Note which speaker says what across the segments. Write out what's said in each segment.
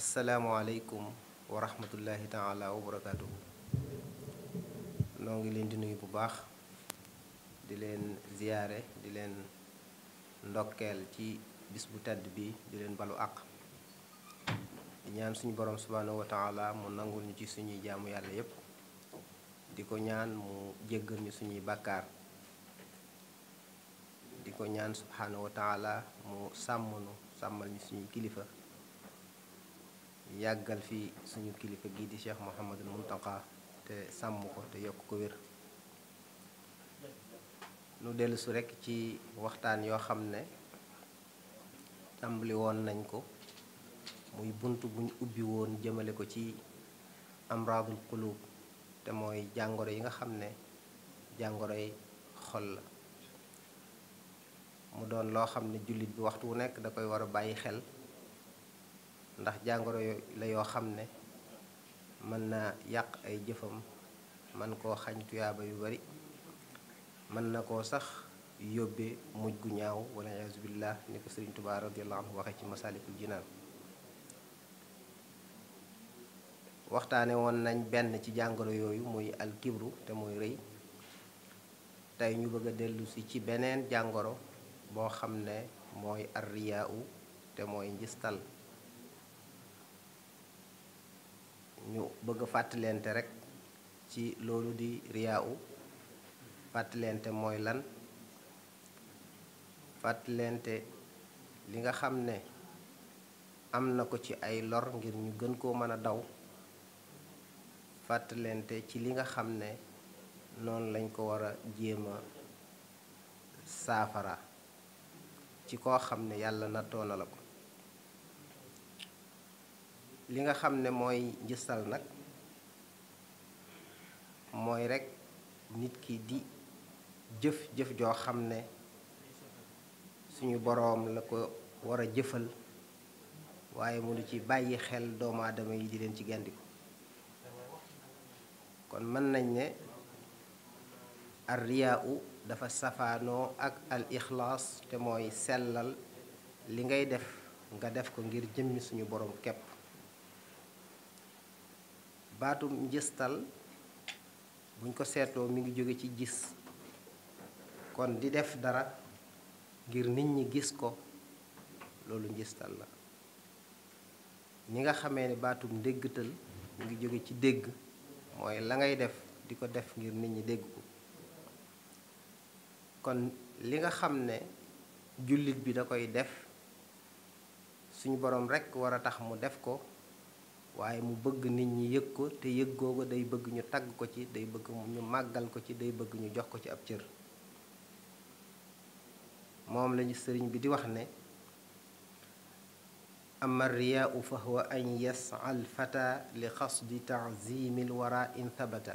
Speaker 1: Assalamualaikum warahmatullahi taala wabarakatuh. nongi len di nuyu bu baax di len ziaré di len ndokkel ci bis bu tedd bi di len balu ak di ñaan suñu borom subhanahu wa taala mu nangul ñu ci suñu jaamu yalla yépp diko ñaan mu jéggal ñu suñu bakkar diko ñaan subhanahu wa taala mu sàmmnu sammal ñu suñu kilifa yàggal fi suñu kilifa gii di Cheikh Mouhamadul Mountakha te sàmm ko te yokk ko wér nu dellusu rekk ci waxtaan yoo xam ne tàmbali woon nañ ko muy bunt buñ ubbi woon jëmale ko ci amradul qulub te mooy jàngoro yi nga xam ne jàngoroy xol la mu doon loo xam ne jullit bi waxtu wu nekk da koy war a bàyyi xel ndax jàngoro la yoo xam ne mën naa yàq ay jëfam man koo xañ tuyaaba yu bari mën na koo sax yóbbee mujj gu ñaaw wala iyaazu billah ni ko sëriñ Tuubaa radiyallahu anhu waxee ci masaalikul jinaan waxtaane woon nañ benn ci jàngoro yooyu muy alkibru te muy rëy tey ñu bëgg a dellu ci beneen jàngoro boo xam ne mooy arriyaa te mooy njistal ñu bëgg fàttalente rek ci loolu di riyaawu fàttalente mooy lan fàttalente li nga xam ne am na ko ci ay lor ngir ñu gën koo mën a daw fàttalente ci li nga xam ne noonu lañ ko war a jéem saafara ci koo xam ne yàlla na nattoona la ko li nga xam ne mooy njëstal nag mooy rekk nit ki di jëf jëf joo xam ne suñu boroom la ko war a jëfal waaye mu di ci bàyyi xel doomaadama yi di leen ci gàndiku kon mën nañ ne ar riyaa dafa safaanoo ak al ixlaas te mooy sellal li ngay def nga def ko ngir jëmmi suñu boroom képp baatum njëstal buñ ko seetoo mu ngi jóge ci gis kon di def dara ngir nit ñi gis ko loolu njëstal la ni nga xamee ne baatum déggtal mu ngi jóge ci dégg mooy la ngay def di ko def ngir nit ñi dégg ko kon li nga xam ne jullit bi da koy def suñu boroom rekk war a tax mu def ko waaye mu bëgg nit ñi yëg ko te yëg googu day bëgg ñu tagg ko ci day bëgg ñu màggal ko ci day bëgg ñu jox ko ci ab cër moom lañu sëriñ bi di wax ne ama riyaau fa huwa an yasal fata li xasdi taazimil wara in thabata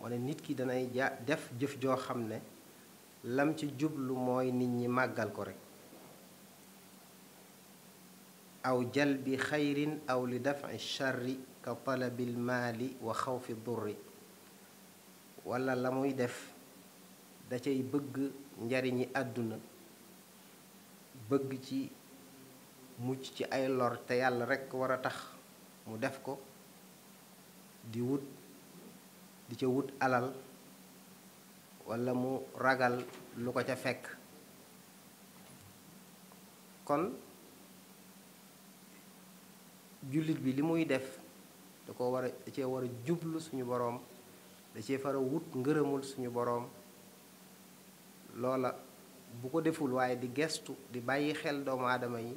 Speaker 1: mu ne nit ki danay def jëf joo xam ne lam ci jublu mooy nit ñi màggal ko rek أو جلب خير أو لدفع الشر كطلب المال وخوف الضر ولا لم يدف دا شيء بق نجاريني أدنى بق جي موج جي أي لور تيال رك ورا تخ مدفكو دي ود دي ود ألال ولا مو رجل لوكا تفك كون jullit bi li muy def da ko war a da cee war a jublu suñu boroom da cee fara wut ngërëmul suñu boroom loola bu ko deful waaye di gestu di bàyyi xel doomu aadama yi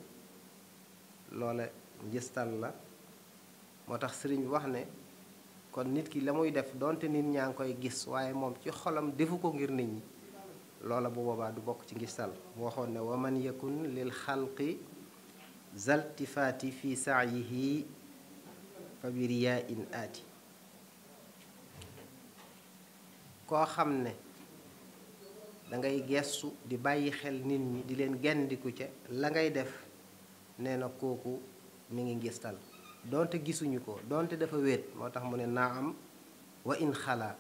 Speaker 1: loola njëstal la moo tax sëriñ wax ne kon nit ki la muy def donte nit ñaa ngi koy gis waaye moom ci xolam defu ko ngir nit ñi loola bu boobaa du bokk ci ngistal mu waxoon ne waman yakun lil xalqi zaltifaati fi saayihi fa biriyaa in aati koo xam ne dangay gestu di bàyyi xel nit ñi di leen gendiku ca la ngay def nee na kooku mu ngi ngistal doonte gisuñu ko donte dafa wéet moo tax mu ne naa am wa in xalaa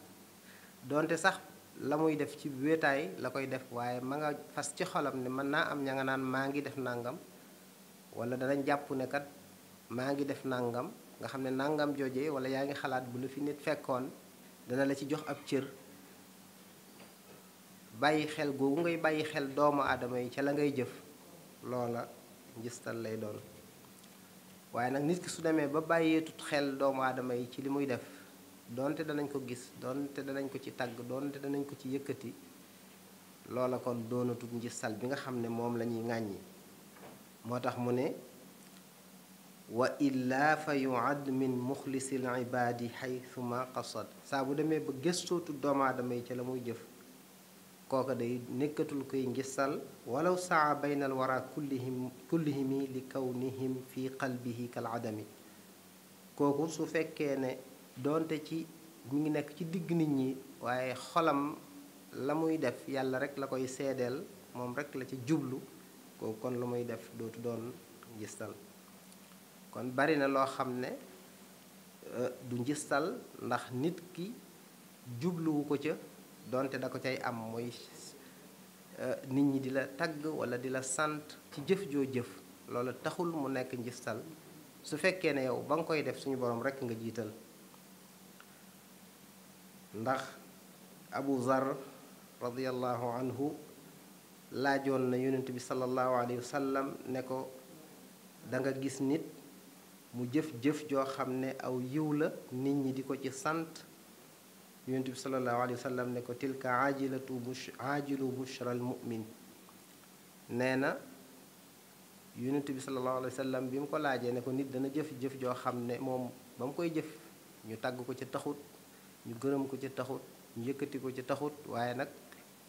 Speaker 1: donte sax la muy def ci wéetaay la koy def waaye ma nga fas ci xolam ne mën naa am ña nga naan maa ngi def nangam wala danañ jàpp ne kat maa ngi def nangam nga xam ne nangam jooje wala yaa ngi xalaat bu la fi nit fekkoon dana la ci jox ab cër bàyyi xel googu ngay bàyyi xel doomu aadama yi ca la ngay jëf loola njistal lay doon waaye nag nit ki su demee ba bàyyeetu xel doomu aadama yi ci li muy def donte danañ ko gis donte danañ ko ci tàgg donte danañ ko ci yëkkati loola kon doonatul njistal bi nga xam ne moom la ñuy ŋàññi moo tax mu ne wa illaa fa yuad min muxlisil ibaadi xaythuma qasad saa bu demee ba gëstootu doomu aadama yi ca la muy jëf kooka day nekkatul koy ngisal walaw saa baynal wara kullihim kullihimi li kawnihim fi qalbihi kal adami kooku su fekkee ne doonte ci mi ngi nekk ci digg nit ñi waaye xolam la muy def yàlla rek la koy seedeel moom rek la ci jublu kooku kon lu muy def dootu doon njistal kon bari na loo xam ne euh, du njistal ndax nit ki jubluwu ko ca donte da ko cay am mooy euh, nit ñi di la tagg walla di la sant ci jëf joo jëf loola taxul mu nekk njistal su fekkee ne yow ba nga koy def suñu borom rekk nga jiital ndax abu zar radiyallahu anhu laajoon na yonent bi sallallahu alayhi wa sallam ne ko danga gis nit mu jëf-jëf joo xam ne aw yiw la nit ñi di ko ci sant yonent bi sallallahu alayhi wa ne ko tilka ajilatu bush ajilu bushra al mu'min nee na yonent bi sallallahu alayhi wa sallam bi mu ko laajee ne ko nit dana jëf-jëf joo xam ne moom ba mu koy jëf ñu tàgg ko ci taxut ñu gërëm ko ci taxut ñu yëkkati ko ci taxut waaye nag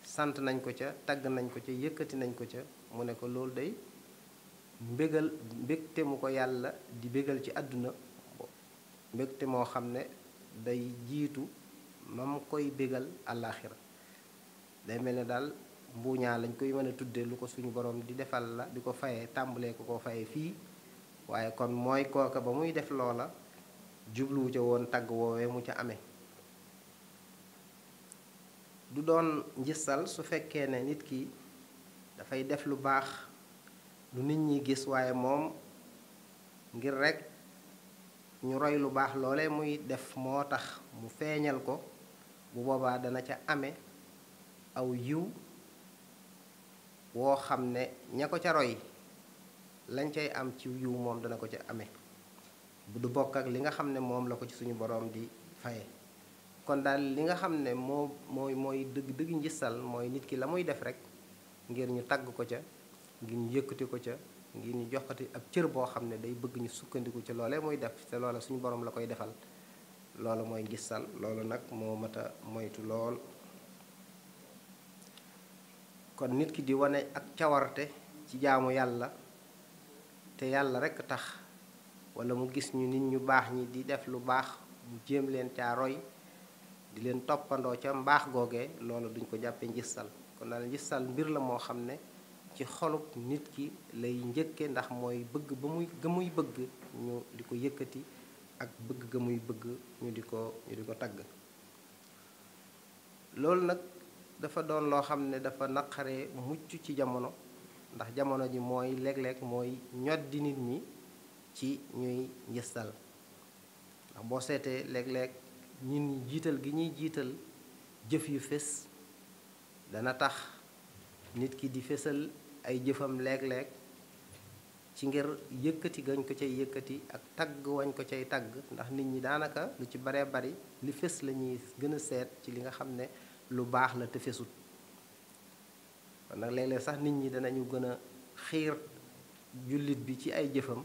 Speaker 1: sant nañ ko ca tagg nañ ko ca yëkkati nañ ko ca mu ne ko loolu day mbégal mbégte mu ko yàlla di bégal ci àdduna mbégte moo xam ne day jiitu mam koy bégal àllaaxira day mel ne daal mbuuñaa lañ koy mën a lu ko suñu borom di defal la di ko fayee tàmbalee ko ko fayee fii waaye kon mooy kooka ba muy def loola jubluwu ca woon tagg woowee mu ca amee du doon njisal su fekkee ne nit ki dafay def lu baax lu nit ñi gis waaye moom ngir rekk ñu roy lu baax loole muy def moo tax mu feeñal ko bu boobaa dana ca ame aw yiw woo xam ne ña ko ca roy lañ cay am ci yiw moom dana ko ca ame bu du bokk ak li nga xam ne moom la ko ci suñu boroom di faye kon daal li nga xam ne moo mooy mooy dëgg dëgg njistal mooy nit ki la muy def rek ngir ñu tagg ko ca ngir ñu yëkkati ko ca ngir ñu joxati ak cër boo xam ne day bëgg ñu sukkandiku ca loolee muy def te loola suñu borom la koy defal loolu mooy njistal loolu nag moo mat a moytu lool kon nit ki di wane ak cawarte ci jaamu yàlla te yàlla rek tax wala mu gis ñu nit ñu baax ñi di def lu baax mu jéem leen caa roy di leen toppandoo ca mbaax googe loolu duñ ko jàppee njistal kon daal njistal mbir la moo xam ne ci xolub nit ki lay njëkke ndax mooy bëgg ba muy bëgg ñu di ko yëkkati ak bëgg ga muy bëgg ñu di ko di ko tagg loolu nag dafa doon loo xam ne dafa naqare mucc ci jamono ndax jamono ji mooy léeg-léeg mooy ñoddi nit ñi ci ñuy njistal ndax boo seetee léeg-léeg ñun jiital gi ñuy jiital jëf yu fés dana tax nit ki di fësal ay jëfam léeg-léeg ci ngir yëkkati gañ ko cay yëkkati ak tagg wañ ko cay tagg ndax nit ñi daanaka lu ci baree bari li fës la ñuy gën a seet ci li nga xam ne lu baax la te fesut kon nag léeg-léeg sax nit ñi danañu gën a xiir jullit bi ci ay jëfam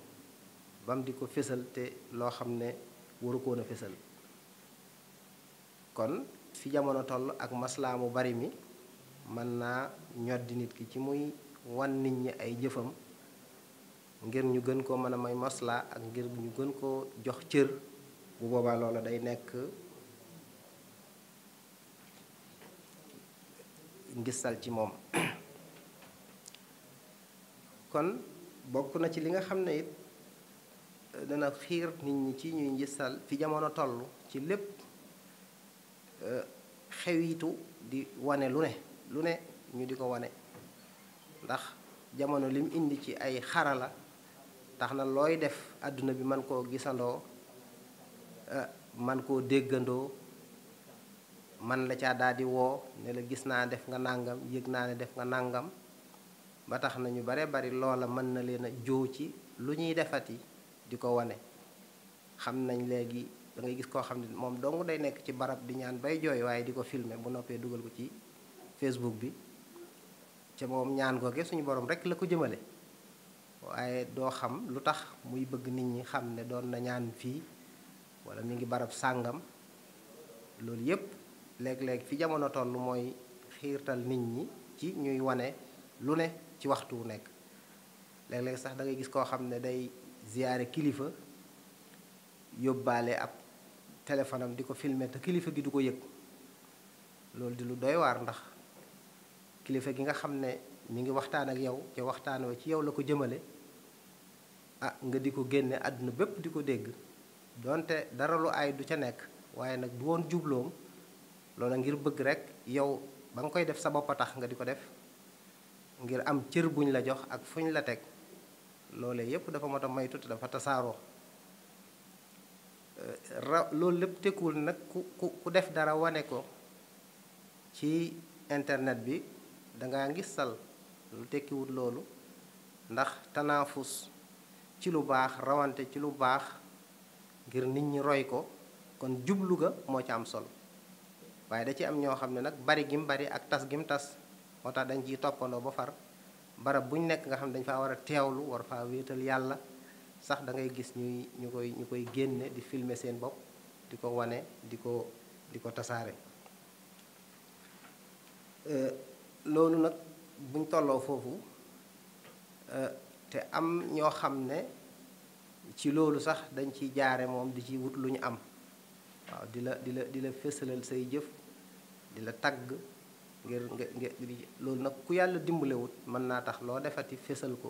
Speaker 1: bam di ko fésal te loo xam ne waru koon a fésal kon fi jamono toll ak maslaa mu bari mi mën naa ñoddi nit ki ci muy wan nit ñi ay jëfam ngir ñu gën koo mën a may maslaa ak ngir ñu gën koo jox cër bu boobaa loola day nekk ngistal ci moom kon bokk na ci li nga xam ne it dana xiir nit ñi ci ñuy ngistal fi jamono toll ci lépp xewitu di wane lu ne lu ne ñu di ko wane ndax jamono lim indi ci ay xarala tax na looy def àdduna bi man koo gisandoo eh, man koo déggandoo man la caa daal woo ne la gis naa def nga nàngam yëg naa ne def nga nàngam ba tax na ñu bare bari loola mën na leen a jóo ci lu ñuy defati di ko wane xam nañ léegi dangay gis koo xam ne moom dong day nekk ci barab di ñaan bay jooy waaye di ko filmer bu noppee dugal ko ci Facebook bi ca moom ñaan googe suñu borom rek la ko jëmale waaye doo xam lu tax muy bëgg nit ñi xam ne doon na ñaan fii wala mi ngi barab sàngam loolu yépp léeg-léeg fi jamono toll mooy xiirtal nit ñi ci ñuy wane lu ne ci waxtu wu nekk léeg-léeg sax dangay gis koo xam ne day ziyaare kilifa yóbbaale ab téléphone di ko filmer te kilifa gi du ko yëg loolu di lu doy ndax kilifa gi nga xam ne mi ngi waxtaan ak yow te waxtaan wa ci yow la ko jëmale ah nga di ko génne àdduna bépp di ko dégg donte dara lu aay du ca nekk waaye nag du woon jubloom loola ngir bëgg rek yow ba nga koy def sa bopp tax nga di ko def ngir am cër buñ la jox ak fuñ la teg loolee yépp dafa mot a moytu te dafa tasaaroo Euh, ra loolu lépp tekkuwul nag ku ku ku def dara wane ko ci internet bi dangaa ngi sal lu tekkiwul loolu ndax tanaafus ci lu baax rawante ci lu baax ngir nit ñi roy ko kon jublu ga moo ci am sol waaye da ci am ñoo xam ne nag bari gim bari ak tas gim tas moo tax dañ ciy toppandoo ba far barab buñ nekk nga xam ne dañ faa war a teewlu war faa wéetal yàlla sax dangay gis ñuy ñu koy ñu koy génne di filmer seen bopp di ko wane di ko di ko tasaare euh, loolu nag buñ tolloo foofu euh, te am ñoo xam ne ci loolu sax dañ ciy jaare moom di ci wut lu ñu am waaw di la di la di la fësalal say jëf di la tagg ngir nga loolu nag ku yàlla dimbalewut mën naa tax loo defati fësal ko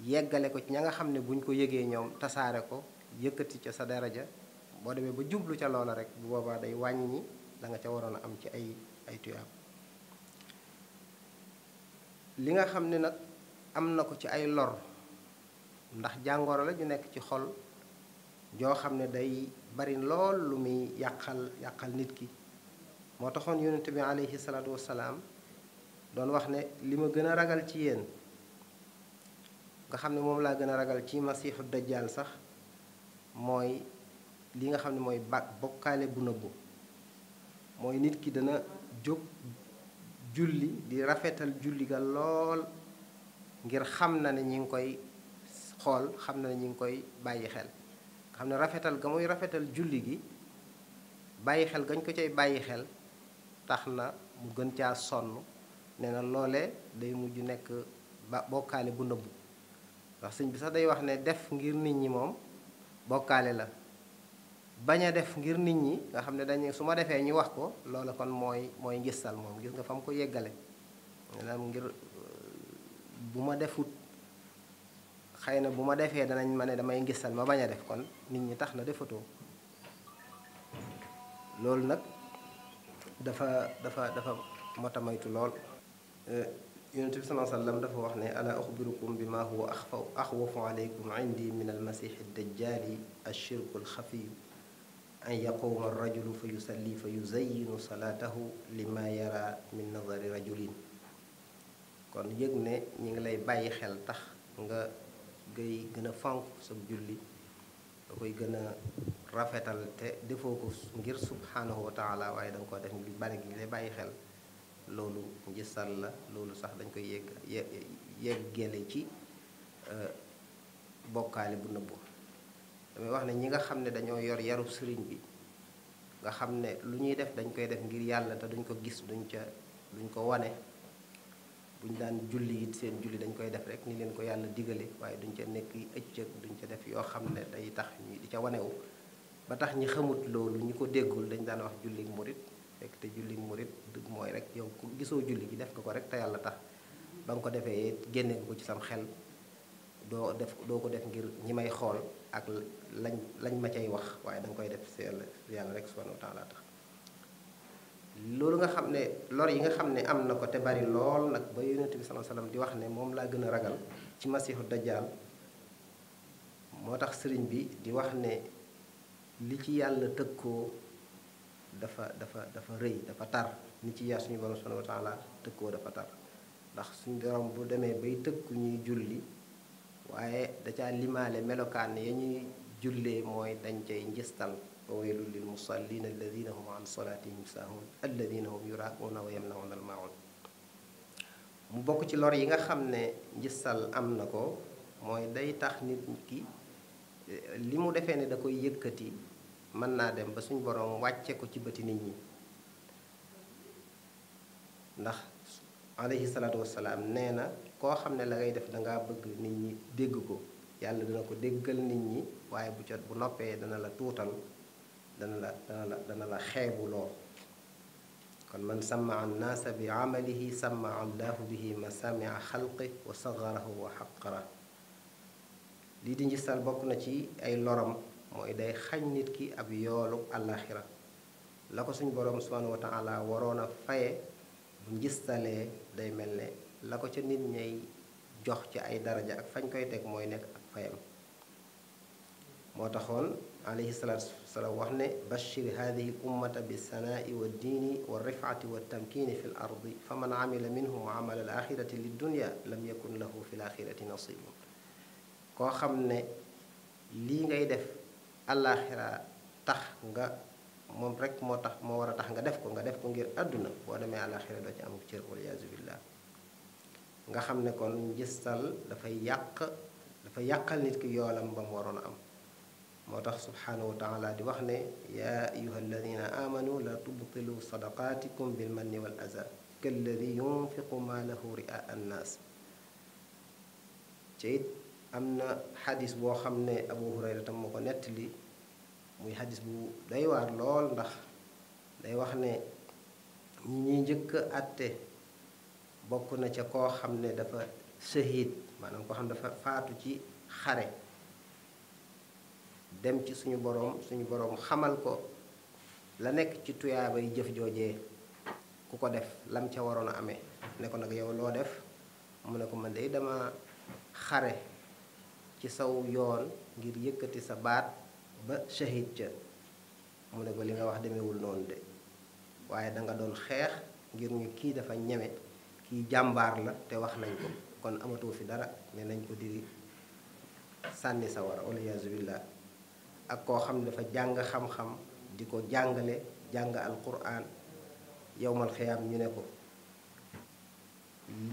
Speaker 1: yeggale ko ci ña nga xam ne buñ ko yëgee ñoom tasaare ko yëkkati ca sa daraja boo demee ba jublu ca loola rek bu boobaa day wàññi danga nga ca waroon a am ci ay ay li nga xam ne nag am na ko ci ay lor ndax jàngoro la ju nekk ci xol joo xam ne day bari lool lu muy yàqal yàqal nit ki moo taxoon yonent bi aleyhi salaatu wassalaam doon wax ne li ma gën a ragal ci yéen nga xam ne moom laa gën a ragal ci masiixu dajjaal sax mooy li nga xam ne mooy ba bokkaale bu nëbbu mooy nit ki dana jóg julli di rafetal julli ga lool ngir xam na ne ñi ngi koy xool xam na ne ñi ngi koy bàyyi xel nga xam ne rafetal ga muy rafetal julli gi bàyyi xel gañ ko cay bàyyi xel tax na mu gën caa sonn ne na loole day mujj nekk ba bokkaale bu nëbbu ndax sëñ bi sax day wax ne def ngir nit ñi moom bokkaale la bañ a def ngir nit ñi nga xam ne dañu su ma defee ñu wax ko loolu kon mooy mooy ngistal moom gis nga fa ko yeggale maanaam ngir bu ma defut xëy na bu ma defee danañ ma ne damay ngistal ma bañ a def kon nit ñi tax na defatoo loolu nag dafa dafa dafa motamaytu lool يونس صلى الله عليه وسلم دا فوخني الا اخبركم بما هو اخف اخوف عليكم عندي من المسيح الدجال الشرك الخفي ان يقوم الرجل فيصلي فيزين صلاته لما يرى من نظر رجل كون يغني نيغ لاي باي خيل تخ nga gëy gëna fank sa julli da koy gëna rafetal te defoko ngir subhanahu wa ta'ala way dang ko loolu njësal la loolu sax dañ koy yég yegg génne ci euh, bokkaale bu nëbbu damay wax ne ñi nga xam ne dañoo yor yaru sëriñ bi nga xam ne lu ñuy def dañ koy def ngir yàlla te duñ ko gis duñ ca duñ ko wane buñ daan julli it seen julli dañ koy def rek ni leen ko yàlla digale waaye duñ ca nekk ëccëg duñ ca def yoo xam ne day tax ñi di ca wanewu ba tax ñi xamut loolu ñi ko déggul dañ daan wax julli murit fekk te julli murit mooy rek yow ku gisoo julli gi def ko ko rek te yàlla tax ba nga ko defee it génne ko ci sam xel doo def doo ko def ngir ñi may xool ak lañ lañ ma cay wax waaye da nga koy def si yàlla yàlla rek subhanahu wa taala tax loolu nga xam ne lor yi nga xam ne am na te bari lool nag ba yonent bi sallallahu alayhi wasallam di wax ne moom laa gën a ragal ci masiixu dajjal moo tax bi di wax ne li ci yàlla tëkkoo dafa dafa dafa rëy dafa tar ni ci yar suñu borom subhanahu wa taala tëkkoo dafa tar ndax suñu borom bu demee bay tëkku ñuy julli waaye da limaale melokaan ya ñuy jullee mooy dañ cay njëstal wa waylul lil musallin alladina hum an salatihim sahun alladina hum yuraauna wa yamnauna al maun mu bokk ci lor yi nga xam ne njëstal am na ko mooy day tax nit ki eh, li mu defee ne da koy yëkkati mën naa dem ba suñ borom wàcce ko ci bëti nit ñi ndax alayhi salaatu wasalaam nee na koo xam ne la ngay def dangaa bëgg nit ñi dégg ko yàlla dana ko déggal nit ñi waaye bu jot bu noppee dana la tuutal dana la dana la xeebu loo kon man sama annaasa bi amalihi sama allahu bihi masamia xalqi wa sagarahu wa xaqara lii di njistal bokk na ci ay loram moy day xagn nit ki ab yoolu àllaaxira la ko suñ borom subhanahu wa taala warona faye bu ngistale day melne la ko nit ñey jox ci ay daraja ak fañ koy tek moy nek ak fayam mo taxoon alayhi salatu wasalaam wax ne bashir hadhihi ummata bisana'i wad-dini war-rif'ati wat wa fil ardi faman amila minhum amala al akhirati lid-dunya lam yakun lahu fil akhirati axirati ko xamne li ngay def àllaaxira tax nga moom rek moo tax moo war a tax nga def ko nga def ko ngir àdduna boo demee àllaaxira doo ci am cër wal yaasu billah nga xam ne kon njistal dafay yàq dafa yàqal nit ki yoolam ba mu waroon a am moo tax subhaanahu wa taala di wax ne yaa ayuha alladina amanu la tubtilu sadaqaatikum man manni wal aza kalladi yunfiqu maalahu ri'a annaas ci it am na xadis boo xam ne abu hurayra tam moo ko nettali muy xadis bu day waar lool ndax day wax ne ñi ñuy njëkk a àtte bokk na ca koo xam ne dafa sëhiid maanaam koo xam ne dafa faatu ci xare dem ci suñu boroom suñu boroom xamal ko la nekk ci tuyaabay jëf joojee ku ko def lam ca waroon a amee ne ko nag yow loo def mu ne ko ma de dama xare ci saw yoon ngir yëkëti sa baat ba shahid ca mu ne ko li nga wax demewul noonu de da nga doon xeex ngir ñu ki dafa ki jambar la té wax nañ ko kon amatu fi dara né nañ ko diri sanni sa war yaz billah ak ko xam ne dafa jang xam-xam di ko jang jàng alquran yawmal khiyam ñu ne ko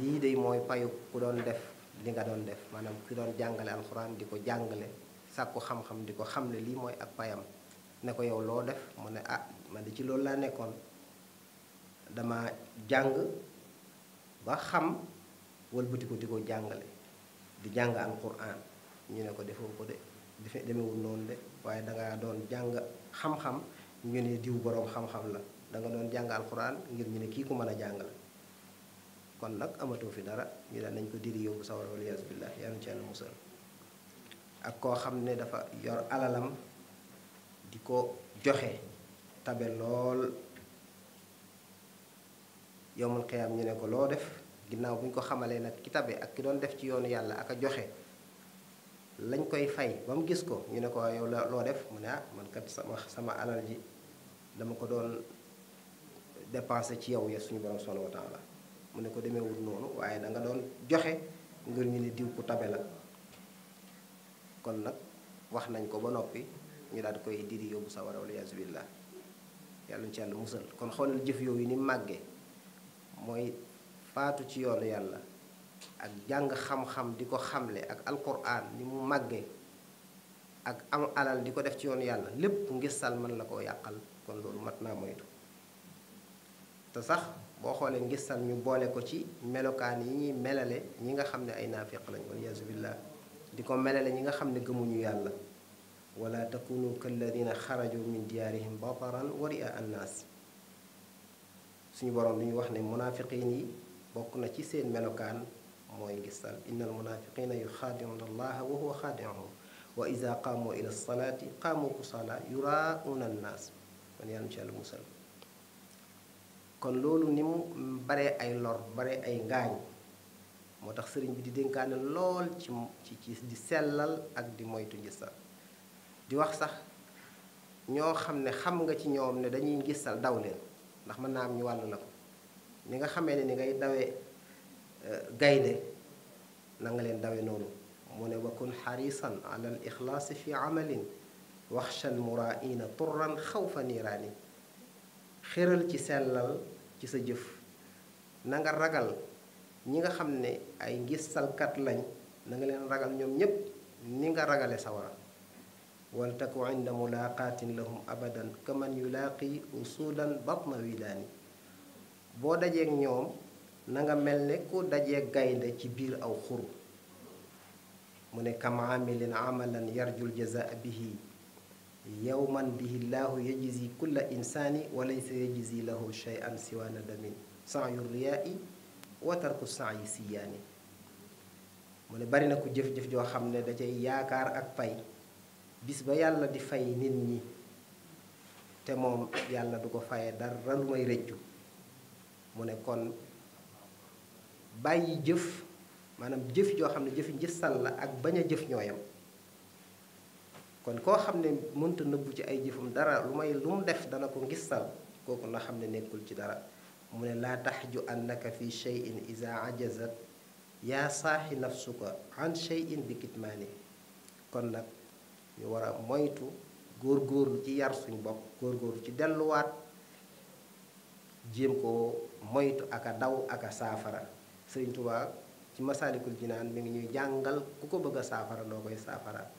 Speaker 1: li day moy payu ku doon def li nga doon def maanaam ki doon jàngale alxuraan di ko jàngale sàkku xam-xam di ko xamle lii mooy ak payam ne ko yow loo def mu ne ah man di ci loolu laa nekkoon dama jàng ba xam wëlbati ko di ko jàngale di jàng alxuraan ñu ne ko defoo ko de defe demewul noonu de waaye danga doon jàng xam-xam ñu ne diw boroom xam-xam la danga doon jàng alxuraan ngir ñu ne kii ko mën a jàng la kon nak amato fi dara ñu ko diri yóbbu sawar yas billah yaa ci yàlla musal ak ko xamne dafa yor alalam Diko ko joxe tabe lol yomul qiyam ñu ne ko lo def ginnaw buñ ko xamalee nak ki tabe ak ki doon def ci yoonu yalla ak joxe lañ koy fay bam gis ko ñu ne ko yow lo def mu ne ah, man kat sama sama alal ji dama ko doon dépenser ci yow ya suñu borom subhanahu wa taala mu ne ko demeewul noonu waaye da nga doon joxe ngir ñu ne diw ku tabe la kon nag wax nañ ko ba noppi ñu daal koy diri yóbbu sawara wala yaasu billah yàlla ñu ci yàlla musal kon xoolal jëf yooyu ni màggee mooy faatu ci yoonu yàlla ak jàng xam-xam di ko xamle ak alquran ni mu màggee ak am alal di ko def ci yoonu yàlla lépp ngistal mën la koo yàqal kon loolu mat naa moytu te sax boo xoolee ngistal ñu boole ko ci melokaan yi ñuy melale ñi nga xam ne ay naafiq lañ wal yaasu billah di ko melale ñi nga xam ne gëmuñu yàlla wala takunu kalladina xaraju min diyaarihim bataran wa ria annaas suñu borom lu ñu wax ne munafiqin yi bokk na ci seen melokaan mooy ngistal inna al munafiqina yuxaadicuuna allaha wa huwa xaadicuhum wa ida qaamu ila lsalaati qaamu kusaala yuraauna annaas kon yàlla ci yàlla musal kon loolu ni mu bare ay lor bare ay ngaañ moo tax sëriñ bi di dénkaane lool ci ci ci di sellal ak di moytu ngistal di wax sax ñoo xam ne xam nga ci ñoom ne dañuy ngissal daw leen ndax mën naa am ñu wàll la ko ni nga xamee ne ni ngay dawee gaynde na nga leen dawe noonu mu ne wa kun xarisan ala al ixlaasi fi amalin waxshan muraina turran xawfa niiraani xéral ci sellal ci sa jëf nanga ragal ñi nga xam ne ay ngistalkat lañ nanga leen ragal ñoom ñépp ni nga ragale sawara wal taku inda mulaqaatin lahum abadan kaman yulaaqi usulan batna wilaani boo dajeeg ñoom nanga mel ne ku dajeeg gaynde ci biir aw xur mu ne kam amilin amalan yarjul jazaa bihi yawman bihi llahu yajzi kulla insani wa laysa yajzi lahu shay'an siwa nadamin sa'yu riyaai wa tarku yi siyaani mu ne bari na ku jëf-jëf joo xam ne da yaakaar ak fay bis ba yàlla di fay nit ñi te moom yàlla du ko faye dara lu may rëccu mu ne kon bàyyi jëf maanaam jëf joo xam ne jëfi njësal la ak bañ a jëf ñooyam kon koo xam ne mënta nëbbu ci ay jëfam dara lu may lu mu def dana ko ngistal kooku na xam ne nekkul ci dara mu ne laa tax ju taxju annaka fi cheyin isa ajazat yaa saaxi nafsuka an cheyin bi kitmaani kon nag ñu war a góor góor ci yar suñ góor góorgóorlu ci delluwaat jéem ko moytu aka daw aka saafara sëriñ Tuubaa ci masaalikul jinaan mi ngi ñuy jàngal ku ko bëgg saafara noo koy saafara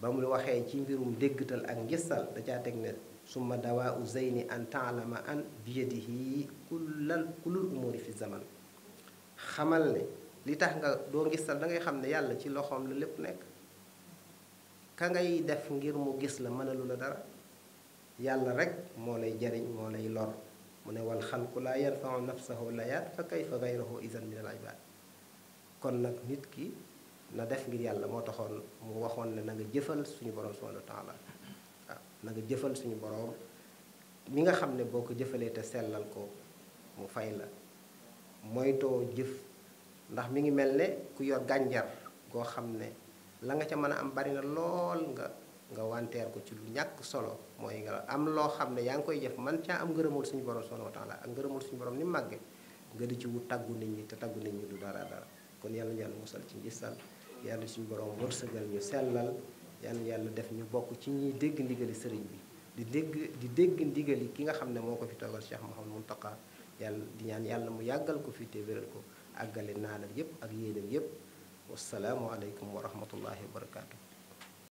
Speaker 1: ba waxe ci mbirum deggal ak ngistal da ca tek ne summa dawa uzaini an ta'lama an yadihi kullal kullul umuri fi zaman xamal ne li tax nga do ngistal da ngay xam ne yàlla ci loxom la lépp nek ka ngay def ngir mu gis la manalu la dara yàlla rek mo lay jariñ mo lay lor mu ne wal khalqu la yarfa'u nafsahu yat fa kayfa ghayruhu idhan min al ibad kon nak nit ki na def ngir yàlla moo taxoon mu waxoon ne na nga jëfal suñu borom subhanahu wa taala ah, na nga jëfal suñu borom mi nga xam ne boo ko jëfalee te sellal ko mu fay la moytoo jëf ndax mi ngi mel ne ku yor gànjar goo xam ne la nga ca mën a am bari na lool nga nga wanteer ko ci lu ñàkk solo mooy nga am loo xam ne yaa ngi koy jëf man ca am ngërëmul suñu borom subhanahu wa taala ak ngërëmul suñu borom ni màgge nga di ci wut taggu nit ñi te taggu nit ñi du dara dara kon yàlla ñaan musal ci yàlla suñu borom wërsëgal ñu sellal yàlla yàlla def ñu bokku ci ñi dégg ndigali sëriñ bi di dégg di dégg ndigali ki nga xam ne moo ko fi toogal Cheikh Mouhamadou muntaka yàlla di ñaan yàlla mu yàggal ko fi te wéral ko àggale naanal yépp ak yéenam yépp wasalaamu alaykum wa rahmatullahi wa barakatuh